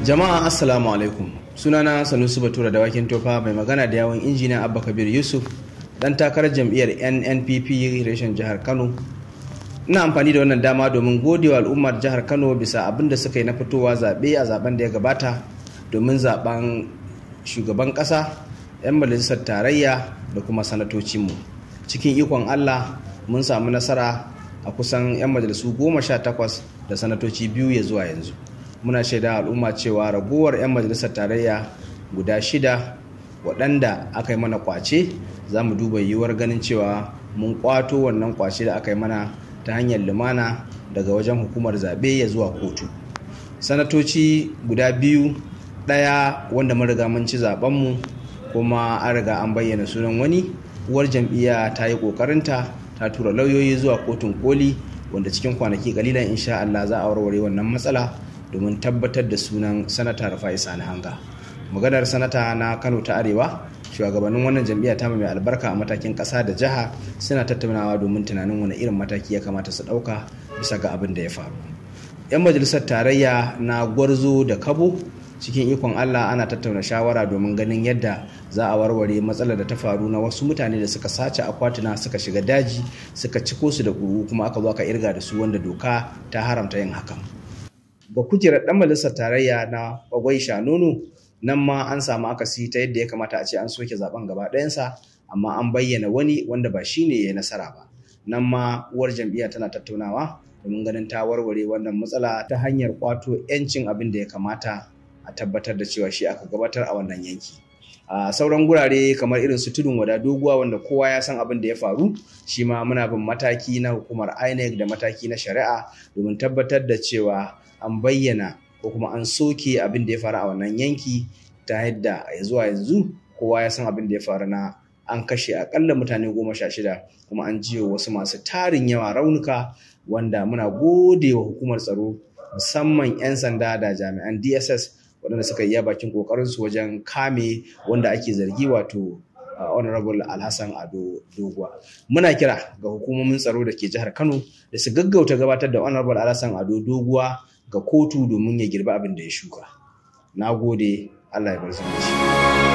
jama'a assalamu alaikum sunana sanusi batura da wakin tofa mai magana da yawon injiniya abba kabir yusuf dan takarar jam'iyyar nnpp reshen jihar kano ina amfani da wannan dama domin godewa al'ummar jihar kano bisa abin da suka yi na fitowa zaɓe a zaben da ya gabata domin zaben shugaban ƙasa 'yan majalisar tarayya da kuma sanatocinmu cikin ikon allah mun samu nasara a kusan 'yan majalisu goma sha takwas da sanatoci biyu ya zuwa yanzu muna shaida al'umma cewa raguwar 'yan majalisar tarayya guda shida waɗanda aka yi mana kwace za mu duba yiwuwar ganin cewa mun kwato wannan kwace da aka yi mana ta hanyar lumana daga wajen hukumar zaɓe ya zuwa kotu sanatoci guda biyu ɗaya wanda mun riga mun ci zaɓenmu kuma an riga an bayyana sunan wani uwar jam'iyya ta yi ƙoƙarinta ta tura lauyoyi zuwa kotun koli wanda cikin kwanaki kalilan insha Allah za a warware wannan matsala domin tabbatar da sunan sanata rufai sani hanga maganar sanata na kano ta arewa shugabannin wannan jam'iyya ta mai albarka a matakin ƙasa da jiha suna tattaunawa domin tunanin wani irin mataki ya kamata su ɗauka bisa ga abin da ya faru 'yan majalisar tarayya na gwarzo da kabo cikin ikon allah ana tattauna shawara domin ganin yadda za a warware matsalar da ta faru na wasu mutane da suka sace akwatuna suka shiga daji suka ciko su da kuru kuma aka zo aka irga da su wanda doka ta haramta yin hakan ga kujerar ɗan majalisar tarayya na bagwai shanunu nan ma an samu akasi ta yadda ya kamata a ce an soke zaben gaba ɗayansa amma an bayyana wani wanda ba shi ne ya nasara ba nan ma uwar jam'iyya tana tattaunawa domin ganin ta warware wannan matsala ta hanyar kwato 'yancin abin da ya kamata a tabbatar da cewa shi aka gabatar a wannan yanki. a sauran gurare kamar irin su tudun wada doguwa wanda kowa ya san abin da ya faru shi ma muna bin mataki na hukumar inec da mataki na shari'a domin tabbatar da cewa an bayyana ko kuma an soke abin da ya faru a wannan yanki ta yadda ya zuwa yanzu kowa ya san abin da ya faru na an kashe akalla mutane goma sha shida kuma an jiyo wasu masu tarin yawa raunuka wanda muna gode wa hukumar tsaro musamman 'yan sanda da jami'an dss waɗanda suka yi bakin ƙoƙarinsu wajen kame wanda ake zargi wato honorable alhassan ado doguwa muna kira ga hukumomin tsaro da ke jihar kano da su gaggauta gabatar da honorable alhassan ado doguwa ga kotu domin ya girbi abin da ya shuka na gode allah ya bar zumunci